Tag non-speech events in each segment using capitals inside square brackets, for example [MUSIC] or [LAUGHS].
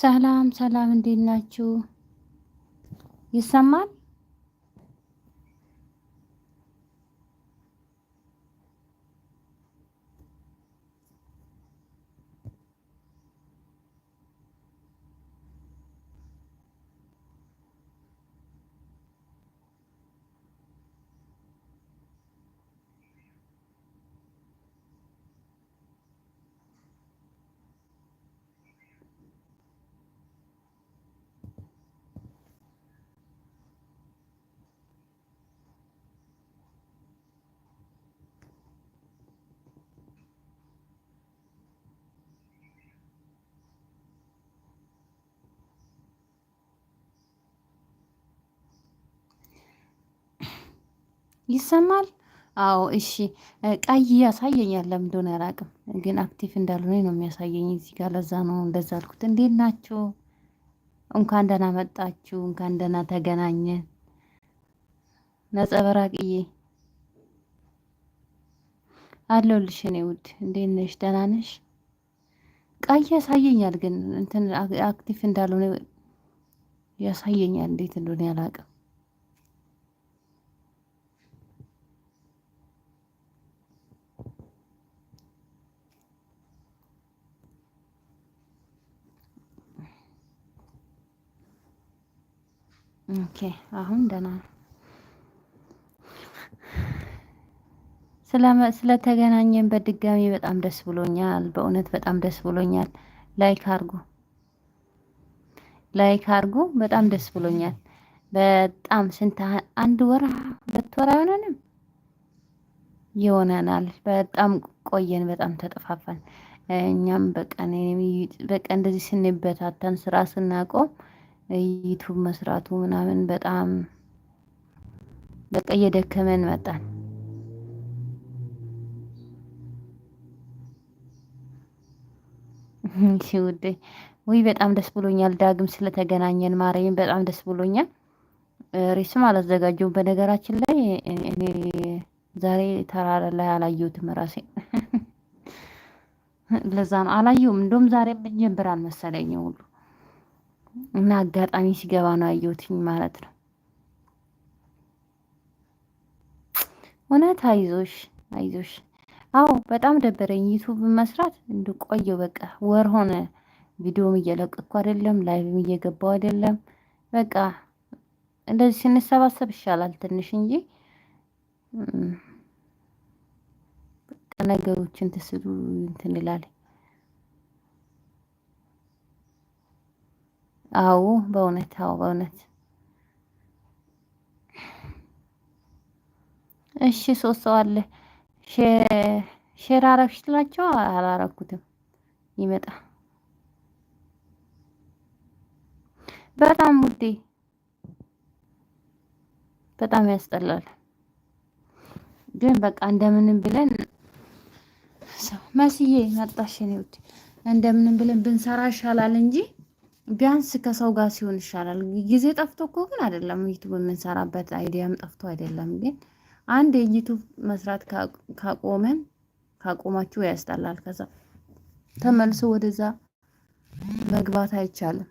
ሰላም ሰላም፣ እንዴት ናችሁ? ይሰማል? ይሰማል? አዎ እሺ። ቀይ ያሳየኛል ለምን እንደሆነ አላውቅም፣ ግን አክቲቭ እንዳልሆነ ነው የሚያሳየኝ እዚህ ጋር። ለዛ ነው እንደዛ አልኩት። እንዴት ናችሁ? እንኳን ደህና መጣችሁ፣ እንኳን ደህና ተገናኘን። ነጸበራቅዬ አለሁልሽ እኔ ውድ፣ እንዴት ነሽ? ደህና ነሽ? ቀይ ያሳየኛል፣ ግን እንትን አክቲቭ እንዳልሆነ ያሳየኛል። እንዴት እንደሆነ አላውቅም። ኦኬ አሁን ደህና ነው። ስለተገናኘን በድጋሚ በጣም ደስ ብሎኛል። በእውነት በጣም ደስ ብሎኛል። ላይክ አርጉ፣ ላይክ አርጉ። በጣም ደስ ብሎኛል። በጣም ስንት አንድ ወር ሁለት ወር አይሆነንም ይሆነናል። በጣም ቆየን። በጣም ተጠፋፋን። እኛም በቃ እንደዚህ ስንበታተን ስራ ስናቆም ዩቱብ መስራቱ ምናምን በጣም በቃ እየደከመን መጣን። ውዴ ውይ በጣም ደስ ብሎኛል ዳግም ስለተገናኘን ማርያም በጣም ደስ ብሎኛል። ሬስም አላዘጋጀውም በነገራችን ላይ እኔ ዛሬ ተራራ ላይ አላየሁትም ራሴ ለዛ ነው አላየሁም። እንደውም ዛሬ ምን የምንጀምር መሰለኝ ሁሉ እና አጋጣሚ ሲገባ ነው አየሁትኝ ማለት ነው። እውነት አይዞሽ አይዞሽ። አዎ በጣም ደበረኝ ዩቱብ መስራት እንድቆየው በቃ ወር ሆነ። ቪዲዮም እየለቀኩ አይደለም፣ ላይቭም እየገባው አይደለም። በቃ እንደዚህ ስንሰባሰብ ይሻላል ትንሽ እንጂ ነገሮችን ትስሉ እንትን አዎ በእውነት አዎ በእውነት እሺ ሶስት ሰው አለ ሼር አረግሽ ትላቸው አላረኩትም ይመጣ በጣም ውዴ በጣም ያስጠላል ግን በቃ እንደምንም ብለን መስዬ መጣሽ ነው እንደምንም ብለን ብንሰራ ይሻላል እንጂ ቢያንስ ከሰው ጋር ሲሆን ይሻላል። ጊዜ ጠፍቶ እኮ ግን አይደለም ዩቱብ የምንሰራበት አይዲያም ጠፍቶ አይደለም። ግን አንድ የዩቱብ መስራት ካቆመን ካቆማችሁ ያስጠላል። ከዛ ተመልሶ ወደዛ መግባት አይቻልም።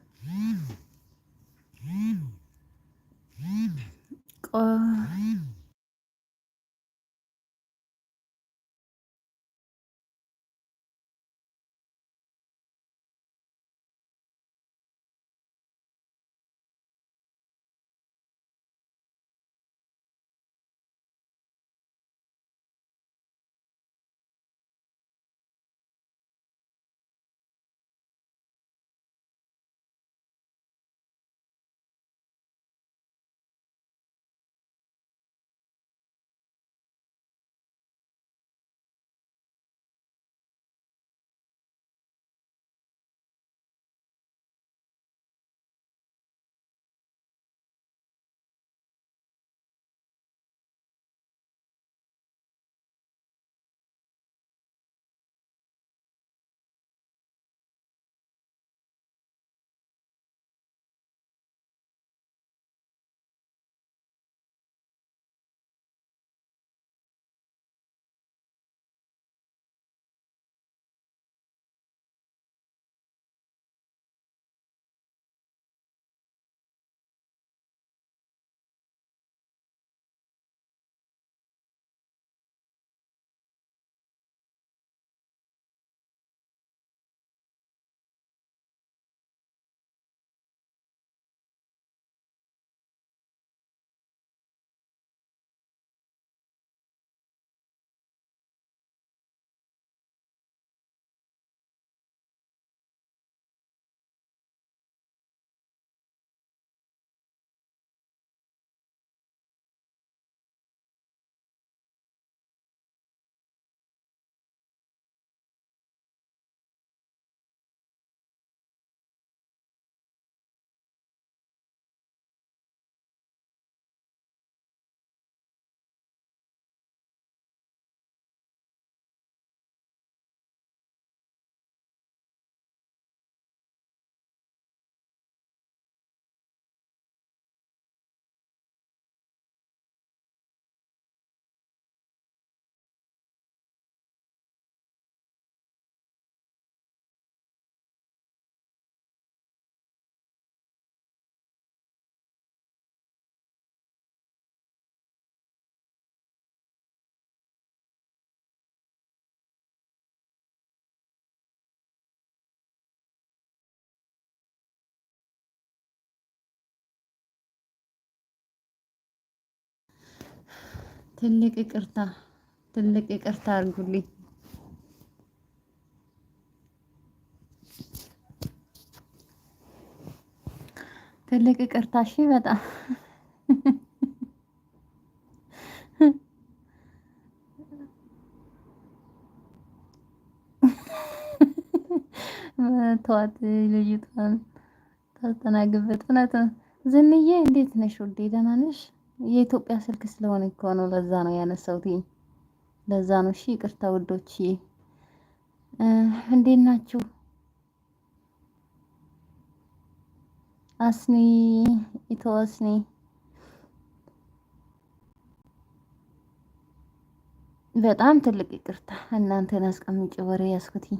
ትልቅ ይቅርታ ትልቅ ይቅርታ አድርጉልኝ። ትልቅ ይቅርታ እሺ። በጣም ተዋት ልዩቷን ታስተናግበት እውነት ዝንዬ እንዴት ነሽ ውዴ? ደህና ነሽ? የኢትዮጵያ ስልክ ስለሆነ እኮ ነው። ለዛ ነው ያነሳሁት። ለዛ ነው። እሺ ይቅርታ ውዶች፣ እንዴት ናችሁ? አስኒ ኢቶስኒ በጣም ትልቅ ይቅርታ እናንተን አስቀምጭ ወሬ ያስኩትኝ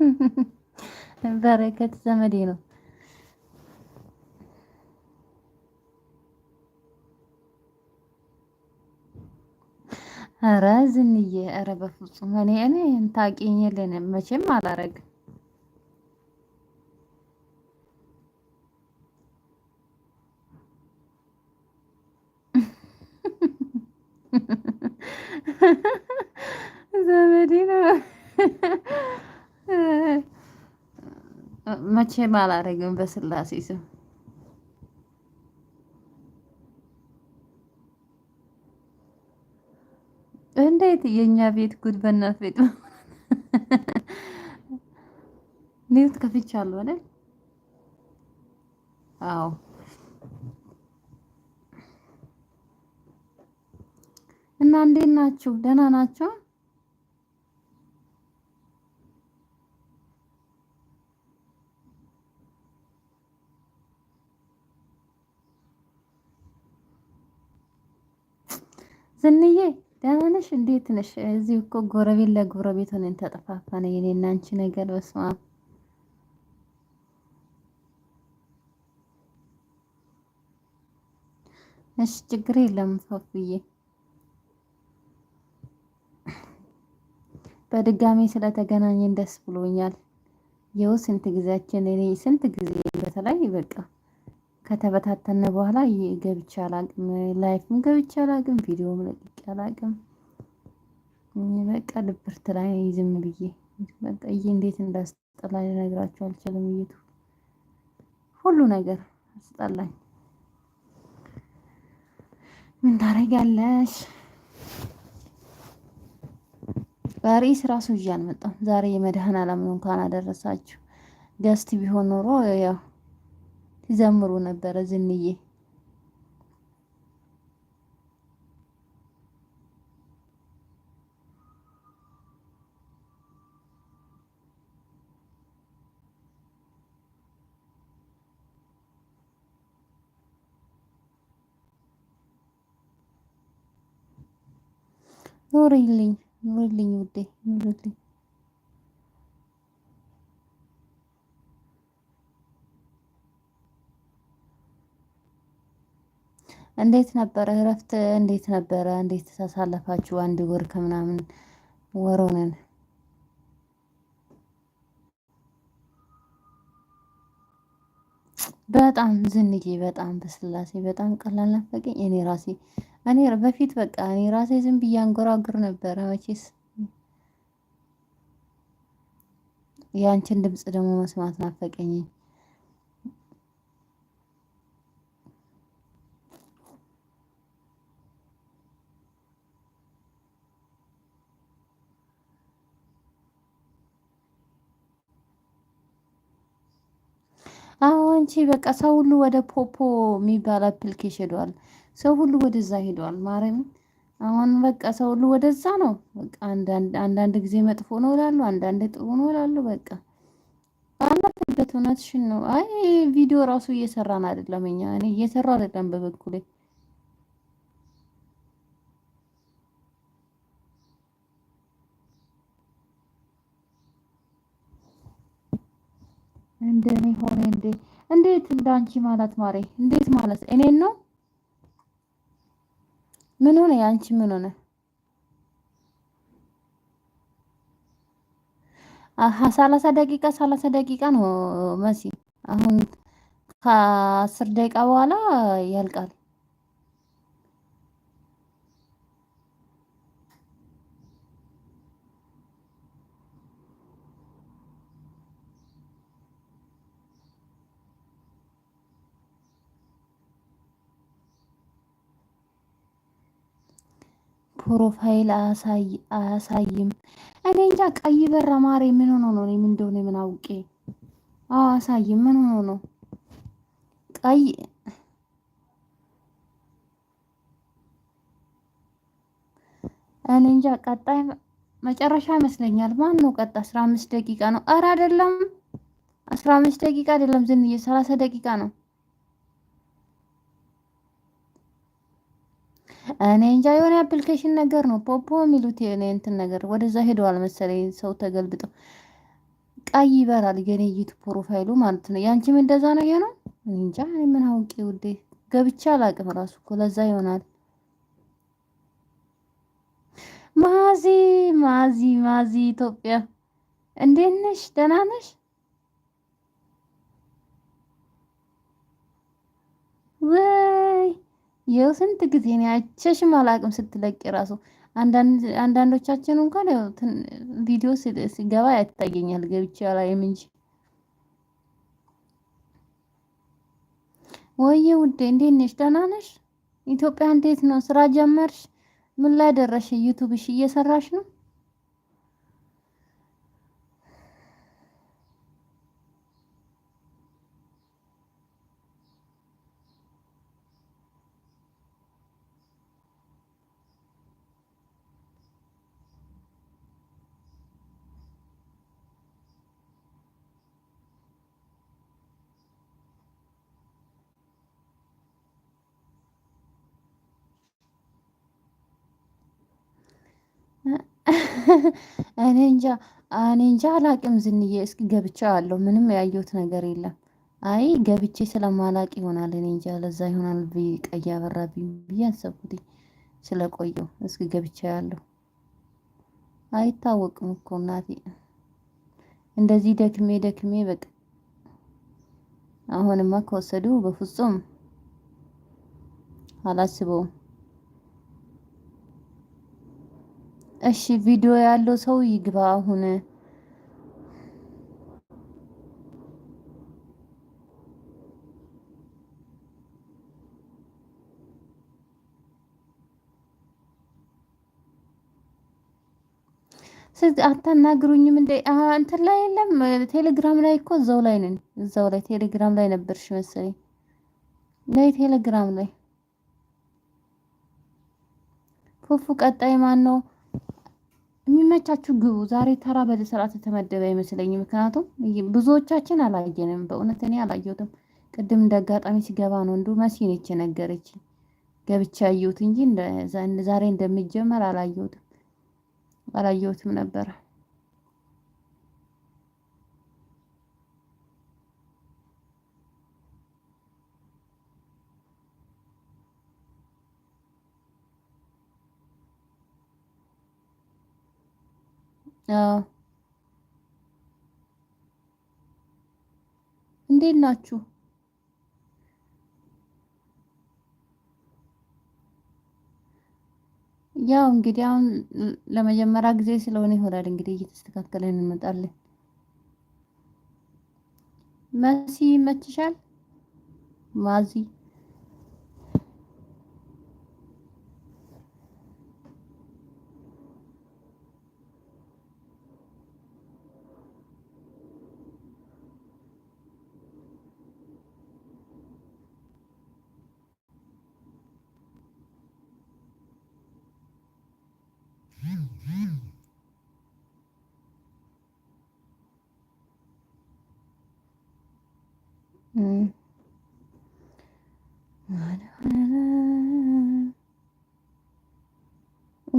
[LAUGHS] በረከት ዘመዴ ነው። ኧረ ዝንዬ፣ ኧረ በፍጹም እኔ እኔ ታውቂኝ የለን መቼም አላረግም። [LAUGHS] ዘመዴ ነው። መቼም አላደርግም በስላሴ ስም። እንዴት የእኛ ቤት ጉድ! በእናት ቤት ኒውት ከፍቻለሁ አይደል? አዎ እና እንዴት ናችሁ? ደህና ናቸው። ዝንዬ ደህና ነሽ? እንዴት ነሽ? እዚህ እኮ ጎረቤት ለጎረቤት ሆነን ተጠፋፋን። የኔ እና አንቺ ነገር በስማ እሺ፣ ችግር የለም ፈፍዬ፣ በድጋሚ ስለተገናኘን ደስ ብሎኛል። የው ስንት ጊዜያችን እኔ ስንት ጊዜ በተለይ በቃ ከተበታተነ በኋላ ገብቼ አላቅም። ላይፍም ገብቼ አላቅም። ቪዲዮም ለቅቄ አላቅም። በቃ ድብርት ላይ ዝም ብዬ በቃ ይሄ እንዴት እንዳስጠላ ልነግራችሁ አልችልም። እየቱ ሁሉ ነገር አስጠላኝ። ምን ታደርጊያለሽ? በርዕስ ራሱ ይዤ አልመጣም ዛሬ። የመድህን አላም እንኳን አደረሳችሁ። ገስት ቢሆን ኖሮ ያው ይዘምሩ ነበረ ዝንዬ ኑሪልኝ ኑሪልኝ ውዴ ኑሪልኝ እንዴት ነበረ እረፍት? እንዴት ነበረ? እንዴት ተሳለፋችሁ? አንድ ወር ከምናምን ወር በጣም ዝንጌ በጣም በስላሴ በጣም ቀላል ናፈቀኝ። እኔ ራሴ እኔ በፊት በቃ እኔ ራሴ ዝም ብዬ አንጎራጉር ነበረ። መቼስ የአንቺን ድምፅ ደግሞ መስማት ናፈቀኝ። አዎ አንቺ በቃ ሰው ሁሉ ወደ ፖፖ የሚባል አፕሊኬሽን ሄዷል። ሰው ሁሉ ወደዛ ሄዷል። ማርያም አሁን በቃ ሰው ሁሉ ወደዛ ነው። በቃ አንዳንድ ጊዜ መጥፎ ነው እላሉ፣ አንዳንድ ጥሩ ነው እላሉ። በቃ ባለፈበት እውነትሽን ነው። አይ ቪዲዮ ራሱ እየሰራን አይደለም እኛ እኔ እየሰራሁ አይደለም በበኩሌ እንደኔ ሆነ እንዴ? እንዴት እንዳንቺ ማለት ማሬ? እንዴት ማለት እኔን ነው? ምን ሆነ? ያንቺ ምን ሆነ? ሰላሳ ደቂቃ ሰላሳ ደቂቃ ነው መሲ። አሁን ከአስር ደቂቃ በኋላ ያልቃል። ፕሮፋይል አያሳይም። እኔ እንጃ ቀይ በራ አማሬ ምን ሆኖ ነው? እኔ ምን እንደሆነ ምን አውቄ። አዎ አያሳይም። ምን ሆኖ ነው ቀይ እኔ እንጃ። ቀጣይ መጨረሻ ይመስለኛል። ማን ነው ቀጣ? አስራ አምስት ደቂቃ ነው። ኧረ አይደለም፣ አስራ አምስት ደቂቃ አይደለም ዝንዬ፣ ሰላሳ ደቂቃ ነው። እኔ እንጃ የሆነ አፕሊኬሽን ነገር ነው ፖፖ የሚሉት እንትን ነገር ወደዛ ሄደዋል መሰለኝ። ሰው ተገልብጠው ቀይ ይበራል የኔይቱ ፕሮፋይሉ ማለት ነው። ያንቺም እንደዛ ነው የሆነው። እንጃ እኔ ምን አውቄ ውዴ፣ ገብቼ አላቅም ራሱ እኮ ለዛ ይሆናል። ማዚ ማዚ ማዚ ኢትዮጵያ እንዴት ነሽ? ደህና ነሽ? ወይ የስንት ጊዜ ነው አይቼሽም አላቅም ስትለቅ ራሱ አንዳንዶቻችን እንኳን ቪዲዮ ሲገባ ያታየኛል ገብቼ አላይም እንጂ ወይዬ ውዴ እንዴት ነሽ ደህና ነሽ ኢትዮጵያ እንዴት ነው ስራ ጀመርሽ ምን ላይ ደረሽ ዩቱብሽ እየሰራሽ ነው እኔ እንጃ እኔ እንጃ አላቅም ዝንዬ፣ እስኪ ገብቻ አለው ምንም ያየሁት ነገር የለም። አይ ገብቼ ስለማላቅ ይሆናል እኔ እንጃ፣ ለዛ ይሆናል ቀይ አበራብኝ ብዬ አሰብኩት ስለቆየው። እስኪ ገብቻ ያለው አይታወቅም እኮ እናቴ፣ እንደዚህ ደክሜ ደክሜ በቃ አሁንማ ከወሰዱ በፍጹም አላስበውም። እሺ ቪዲዮ ያለው ሰው ይግባ አሁን። ስለዚህ አታናግሩኝም እንደ እንትን ላይ የለም። ቴሌግራም ላይ እኮ እዛው ላይ ነን። እዛው ላይ ቴሌግራም ላይ ነበርሽ መሰለኝ። ላይ ቴሌግራም ላይ ፉፉ ቀጣይ ማን ነው? የሚመቻችሁ ግቡ። ዛሬ ተራ በስርዓት የተመደበ አይመስለኝም። ምክንያቱም ብዙዎቻችን አላየንም። በእውነት እኔ አላየሁትም። ቅድም እንደ አጋጣሚ ሲገባ ነው እንዱ መሲኔች ነገረች ገብቻ ያየሁት እንጂ ዛሬ እንደሚጀመር አላየሁትም አላየሁትም ነበረ። እንዴት ናችሁ? ያው እንግዲህ አሁን ለመጀመሪያ ጊዜ ስለሆነ ይሆናል እንግዲህ እየተስተካከለ እንመጣለን። መሲ ይመችሻል ማዚ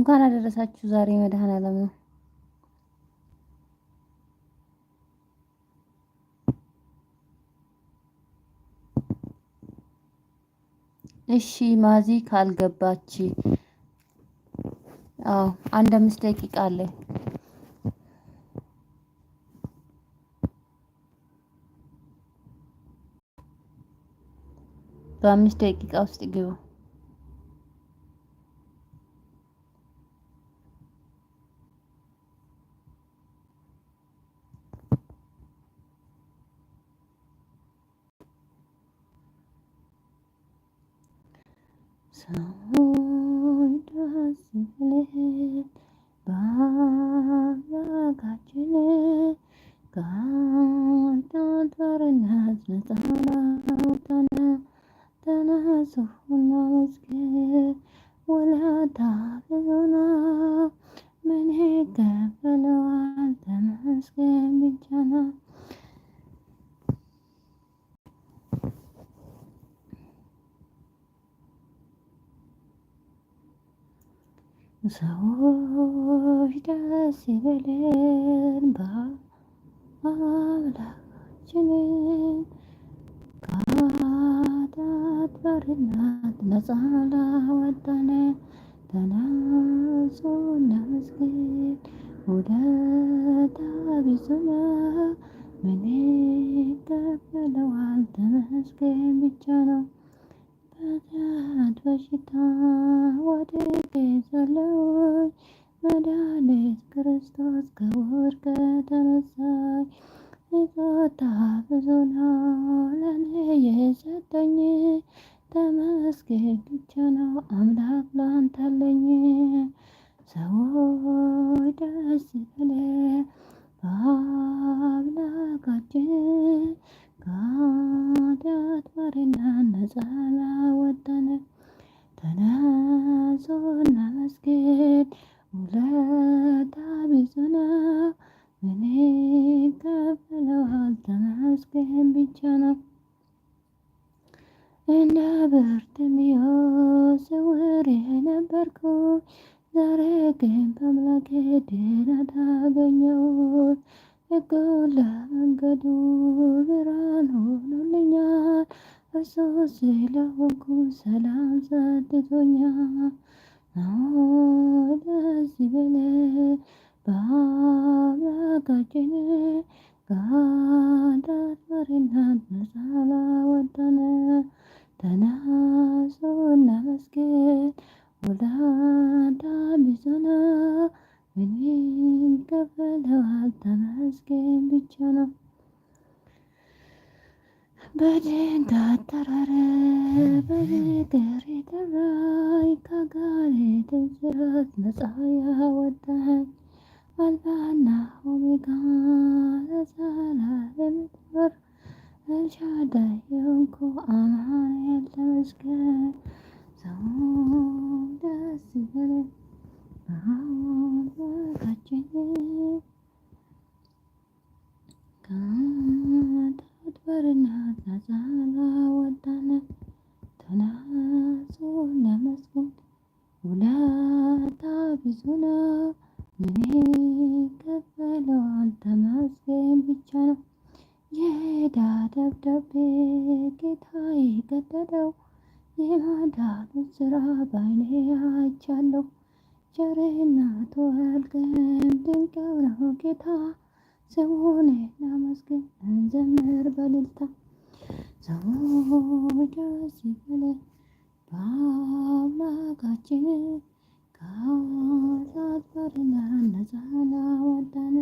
እንኳን አደረሳችሁ። ዛሬ መድኃኔዓለም ነው። እሺ ማዚ ካልገባች፣ አዎ አንድ አምስት ደቂቃ አለ። በአምስት ደቂቃ ውስጥ ግቡ። الناس تنتظرنا نتهاوتنا تنازعنا مسكين ولا تحفظنا من هيك فلو أنت مسكين بالجنة زوج بليل بالبحر አምላካችንን ከኃጢአት ባርነት ነፃ ላወጣን ተነሱ እናመስግን። ውለታ ቢስ ነው፣ ምን ይከፈለዋል? ተመስገን ብቻ ነው። በኃጢአት በሽታ ወድቄ ሳለሁ መድኃኒት ክርስቶስ ከውር ከተነሳይ የጾታ ብዙ ነው ለኔ የሰጠኝ ተመስገን ብቻ ነው አምላክ ላንታለኝ ሰዎች ደስ ይበለ በአምላካችን ከኃጢአት ባርነት ነፃ ላወጣን ተነሶ እናመስግን። ውለታ ብዙ ነው፣ እኔ ከፍለዋል። ተመስገን ብቻ ነው እንደ ብርድ የሚወስውር የነበርኩ ዛሬ ግን በአምላኬ ድል አገኘሁት። ሕጉ ለመንገዱ ብርሃን ሆኖልኛል። እርሱ ስለሆንኩ ሰላም ሰጥቶኛል። ደስ ይበለ በአምላካችን ጋዳት መሪናት መሳላ ተመስገን ብቻ ነው። በደንታ አጠራረ በፍቅር የጠራኝ ከጋር ትንስራት መጽሐያ ወዳኝ አልፋና ኦሜጋ ለዘላለም የምትኖር ኤልሻዳይ የሆንኩ አማኑኤል ተመስገን። ሰውን ደስ ይበለን አምላካችን አድባርና ናዛላ ወዳነ ተናሶ ለመስገን ውለታ ብዙ ነው። ምን ከፈለው አንተ ብቻ ነው። የዳ ደብዳቤ ጌታ የቀደደው የማዳኑን ስራ ባይኔ አይቻለሁ። ቸርነቱ ያልቅም ድንቅ ነው ጌታ ሰውን እናመስግን እንዘምር በልልታ ሰዎች ሲበለ በአምላካችን ከኃጢአት ባርነት ነፃ ላወጣን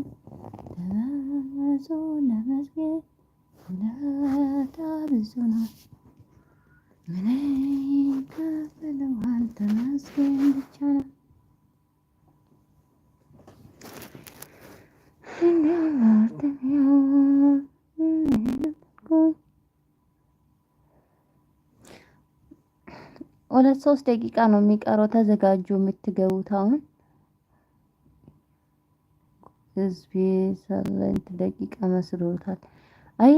ተመልሶ ለመስገን ውለታ ብዙ ሶስት ደቂቃ ነው የሚቀረው። ተዘጋጁ የምትገቡት አሁን ህዝቢ ሰቨንት ደቂቃ መስሎታል። አይ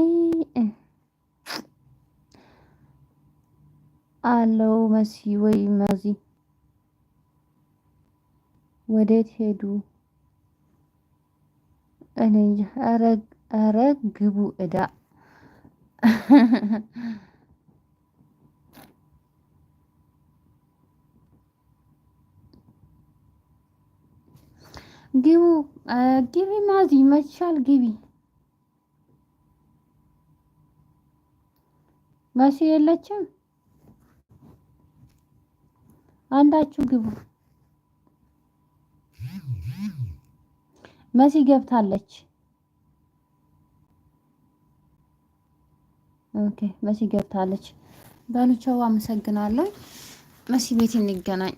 አለው መሲ ወይ መዚ ወዴት ሄዱ? እኔ አረግ ግቡ እዳ ግቡ ግቢ፣ ማዚ መቻል ግቢ። መሲ የለችም። አንዳችሁ ግቡ። መሲ ገብታለች። ኦኬ፣ መሲ ገብታለች። በሉቻው አመሰግናለሁ። መሲ ቤት እንገናኝ።